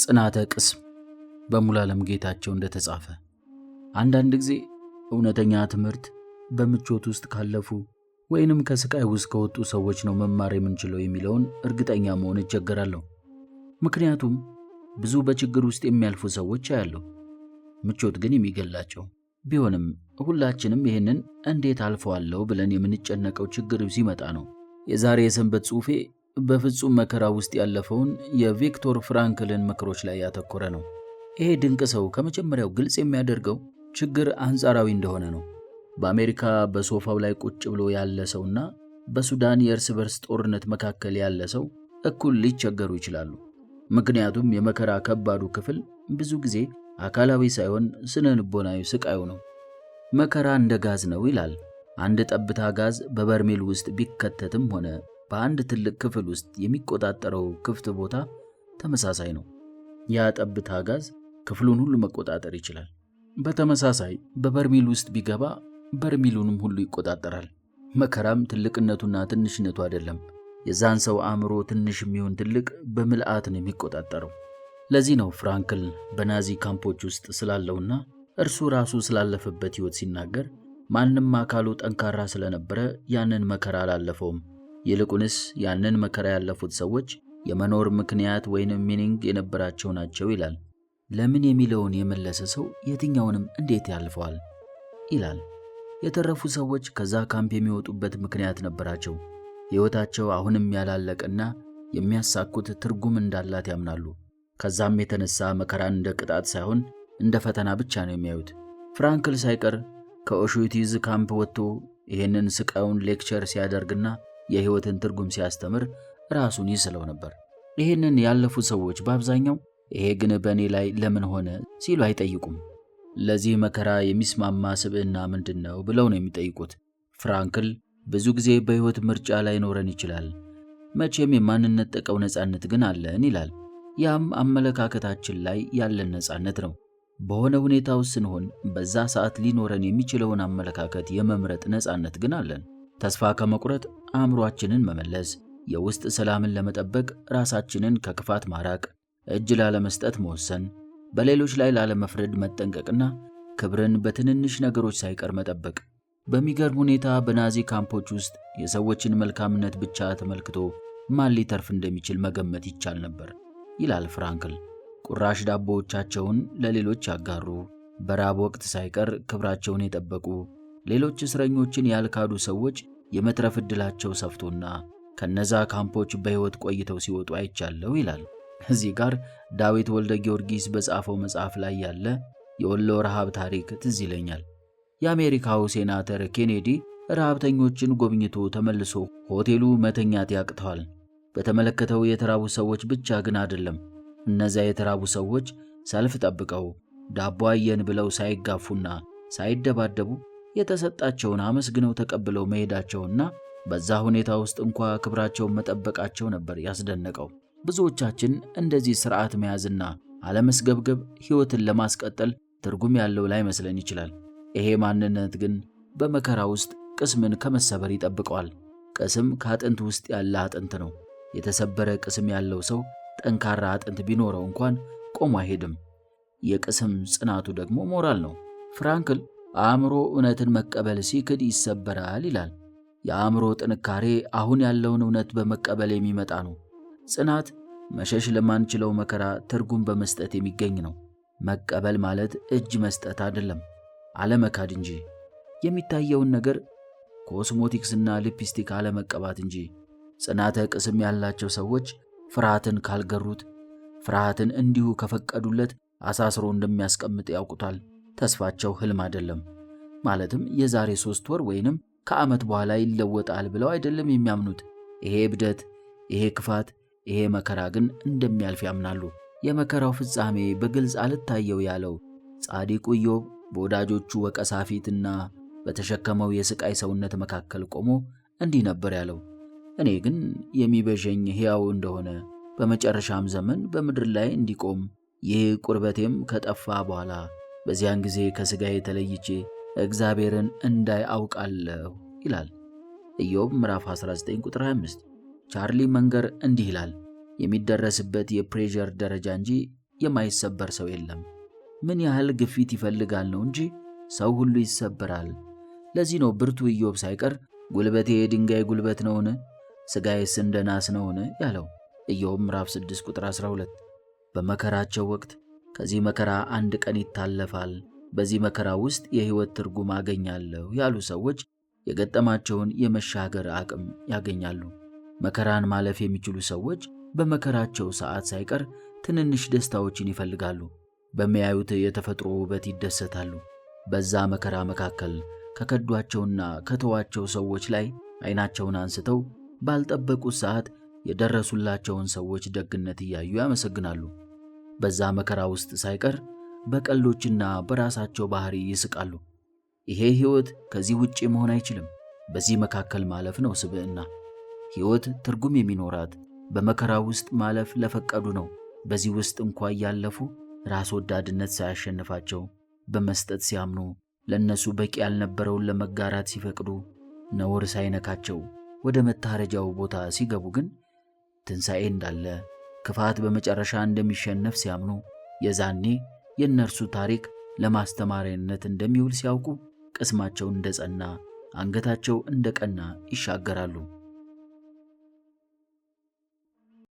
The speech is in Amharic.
ጽናተ ቅስም በሙሉዓለም ጌታቸው እንደተጻፈ። አንዳንድ ጊዜ እውነተኛ ትምህርት በምቾት ውስጥ ካለፉ ወይንም ከስቃይ ውስጥ ከወጡ ሰዎች ነው መማር የምንችለው የሚለውን እርግጠኛ መሆን ይቸገራለሁ። ምክንያቱም ብዙ በችግር ውስጥ የሚያልፉ ሰዎች አያለሁ፣ ምቾት ግን የሚገላቸው ቢሆንም ሁላችንም ይህንን እንዴት አልፈዋለሁ ብለን የምንጨነቀው ችግር ሲመጣ ነው። የዛሬ የሰንበት ጽሑፌ በፍጹም መከራ ውስጥ ያለፈውን የቪክቶር ፍራንክልን ምክሮች ላይ ያተኮረ ነው። ይሄ ድንቅ ሰው ከመጀመሪያው ግልጽ የሚያደርገው ችግር አንጻራዊ እንደሆነ ነው። በአሜሪካ በሶፋው ላይ ቁጭ ብሎ ያለ ሰውና በሱዳን የእርስ በርስ ጦርነት መካከል ያለ ሰው እኩል ሊቸገሩ ይችላሉ። ምክንያቱም የመከራ ከባዱ ክፍል ብዙ ጊዜ አካላዊ ሳይሆን ስነ ልቦናዊ ስቃዩ ነው። መከራ እንደ ጋዝ ነው ይላል። አንድ ጠብታ ጋዝ በበርሜል ውስጥ ቢከተትም ሆነ በአንድ ትልቅ ክፍል ውስጥ የሚቆጣጠረው ክፍት ቦታ ተመሳሳይ ነው። ያ ጠብታ ጋዝ ክፍሉን ሁሉ መቆጣጠር ይችላል። በተመሳሳይ በበርሚል ውስጥ ቢገባ በርሚሉንም ሁሉ ይቆጣጠራል። መከራም ትልቅነቱና ትንሽነቱ አይደለም። የዛን ሰው አእምሮ ትንሽ የሚሆን ትልቅ በምልአት ነው የሚቆጣጠረው። ለዚህ ነው ፍራንክል በናዚ ካምፖች ውስጥ ስላለውና እርሱ ራሱ ስላለፈበት ሕይወት ሲናገር ማንም አካሉ ጠንካራ ስለነበረ ያንን መከራ አላለፈውም ይልቁንስ ያንን መከራ ያለፉት ሰዎች የመኖር ምክንያት ወይንም ሚኒንግ የነበራቸው ናቸው ይላል። ለምን የሚለውን የመለሰ ሰው የትኛውንም እንዴት ያልፈዋል ይላል። የተረፉ ሰዎች ከዛ ካምፕ የሚወጡበት ምክንያት ነበራቸው። ሕይወታቸው አሁንም ያላለቀና የሚያሳኩት ትርጉም እንዳላት ያምናሉ። ከዛም የተነሳ መከራን እንደ ቅጣት ሳይሆን እንደ ፈተና ብቻ ነው የሚያዩት። ፍራንክል ሳይቀር ከኦሹቲዝ ካምፕ ወጥቶ ይህንን ስቃዩን ሌክቸር ሲያደርግና የሕይወትን ትርጉም ሲያስተምር ራሱን ይስለው ነበር። ይህንን ያለፉ ሰዎች በአብዛኛው ይሄ ግን በእኔ ላይ ለምን ሆነ ሲሉ አይጠይቁም። ለዚህ መከራ የሚስማማ ስብዕና ምንድን ነው ብለው ነው የሚጠይቁት። ፍራንክል ብዙ ጊዜ በሕይወት ምርጫ ላይ ኖረን ይችላል፣ መቼም የማንነጠቀው ነፃነት ግን አለን ይላል። ያም አመለካከታችን ላይ ያለን ነፃነት ነው። በሆነ ሁኔታ ውስጥ ስንሆን በዛ ሰዓት ሊኖረን የሚችለውን አመለካከት የመምረጥ ነፃነት ግን አለን። ተስፋ ከመቁረጥ አእምሯችንን መመለስ፣ የውስጥ ሰላምን ለመጠበቅ ራሳችንን ከክፋት ማራቅ፣ እጅ ላለመስጠት መወሰን፣ በሌሎች ላይ ላለመፍረድ መጠንቀቅና ክብርን በትንንሽ ነገሮች ሳይቀር መጠበቅ። በሚገርም ሁኔታ በናዚ ካምፖች ውስጥ የሰዎችን መልካምነት ብቻ ተመልክቶ ማን ሊተርፍ እንደሚችል መገመት ይቻል ነበር ይላል ፍራንክል። ቁራሽ ዳቦዎቻቸውን ለሌሎች ያጋሩ፣ በራብ ወቅት ሳይቀር ክብራቸውን የጠበቁ፣ ሌሎች እስረኞችን ያልካዱ ሰዎች የመትረፍ ዕድላቸው ሰፍቶና ከነዛ ካምፖች በሕይወት ቆይተው ሲወጡ አይቻለሁ ይላል። እዚህ ጋር ዳዊት ወልደ ጊዮርጊስ በጻፈው መጽሐፍ ላይ ያለ የወሎ ረሃብ ታሪክ ትዝ ይለኛል። የአሜሪካው ሴናተር ኬኔዲ ረሃብተኞችን ጎብኝቶ ተመልሶ ሆቴሉ መተኛት ያቅተዋል። በተመለከተው የተራቡ ሰዎች ብቻ ግን አይደለም። እነዚያ የተራቡ ሰዎች ሰልፍ ጠብቀው ዳቦ አየን ብለው ሳይጋፉና ሳይደባደቡ የተሰጣቸውን አመስግነው ተቀብለው መሄዳቸውና በዛ ሁኔታ ውስጥ እንኳ ክብራቸውን መጠበቃቸው ነበር ያስደነቀው። ብዙዎቻችን እንደዚህ ስርዓት መያዝና አለመስገብገብ ሕይወትን ለማስቀጠል ትርጉም ያለው ላይመስለን ይችላል። ይሄ ማንነት ግን በመከራ ውስጥ ቅስምን ከመሰበር ይጠብቀዋል። ቅስም ከአጥንት ውስጥ ያለ አጥንት ነው። የተሰበረ ቅስም ያለው ሰው ጠንካራ አጥንት ቢኖረው እንኳን ቆሞ አይሄድም። የቅስም ጽናቱ ደግሞ ሞራል ነው። ፍራንክል አእምሮ እውነትን መቀበል ሲክድ ይሰበራል ይላል። የአእምሮ ጥንካሬ አሁን ያለውን እውነት በመቀበል የሚመጣ ነው። ጽናት መሸሽ ለማንችለው መከራ ትርጉም በመስጠት የሚገኝ ነው። መቀበል ማለት እጅ መስጠት አይደለም፣ አለመካድ እንጂ የሚታየውን ነገር ኮስሞቲክስና ሊፕስቲክ አለመቀባት እንጂ። ጽናተ ቅስም ያላቸው ሰዎች ፍርሃትን ካልገሩት፣ ፍርሃትን እንዲሁ ከፈቀዱለት አሳስሮ እንደሚያስቀምጥ ያውቁታል። ተስፋቸው ህልም አይደለም። ማለትም የዛሬ ሶስት ወር ወይንም ከዓመት በኋላ ይለወጣል ብለው አይደለም የሚያምኑት። ይሄ እብደት፣ ይሄ ክፋት፣ ይሄ መከራ ግን እንደሚያልፍ ያምናሉ። የመከራው ፍጻሜ በግልጽ አልታየው ያለው ጻዲቁ ኢዮብ በወዳጆቹ ወቀሳ ፊትና በተሸከመው የስቃይ ሰውነት መካከል ቆሞ እንዲህ ነበር ያለው፣ እኔ ግን የሚቤዠኝ ሕያው እንደሆነ በመጨረሻም ዘመን በምድር ላይ እንዲቆም ይህ ቁርበቴም ከጠፋ በኋላ በዚያን ጊዜ ከሥጋዬ ተለይቼ እግዚአብሔርን እንዳይ አውቃለሁ ይላል ኢዮብ ምዕራፍ 19 ቁጥር 25። ቻርሊ መንገር እንዲህ ይላል፣ የሚደረስበት የፕሬዠር ደረጃ እንጂ የማይሰበር ሰው የለም። ምን ያህል ግፊት ይፈልጋል ነው እንጂ ሰው ሁሉ ይሰበራል። ለዚህ ነው ብርቱ ኢዮብ ሳይቀር ጉልበቴ የድንጋይ ጉልበት ነውን? ሥጋዬስ እንደ ናስ ነውን? ያለው ኢዮብ ምዕራፍ 6 ቁጥር 12። በመከራቸው ወቅት ከዚህ መከራ አንድ ቀን ይታለፋል፣ በዚህ መከራ ውስጥ የሕይወት ትርጉም አገኛለሁ ያሉ ሰዎች የገጠማቸውን የመሻገር አቅም ያገኛሉ። መከራን ማለፍ የሚችሉ ሰዎች በመከራቸው ሰዓት ሳይቀር ትንንሽ ደስታዎችን ይፈልጋሉ። በሚያዩት የተፈጥሮ ውበት ይደሰታሉ። በዛ መከራ መካከል ከከዷቸውና ከተዋቸው ሰዎች ላይ አይናቸውን አንስተው ባልጠበቁት ሰዓት የደረሱላቸውን ሰዎች ደግነት እያዩ ያመሰግናሉ። በዛ መከራ ውስጥ ሳይቀር በቀሎችና በራሳቸው ባህሪ ይስቃሉ። ይሄ ሕይወት ከዚህ ውጪ መሆን አይችልም። በዚህ መካከል ማለፍ ነው ስብዕና። ሕይወት ትርጉም የሚኖራት በመከራ ውስጥ ማለፍ ለፈቀዱ ነው። በዚህ ውስጥ እንኳ እያለፉ ራስ ወዳድነት ሳያሸንፋቸው በመስጠት ሲያምኑ፣ ለእነሱ በቂ ያልነበረውን ለመጋራት ሲፈቅዱ፣ ነውር ሳይነካቸው ወደ መታረጃው ቦታ ሲገቡ ግን ትንሣኤ እንዳለ ክፋት በመጨረሻ እንደሚሸነፍ ሲያምኑ፣ የዛኔ የእነርሱ ታሪክ ለማስተማሪያነት እንደሚውል ሲያውቁ ቅስማቸው እንደጸና አንገታቸው እንደቀና ይሻገራሉ።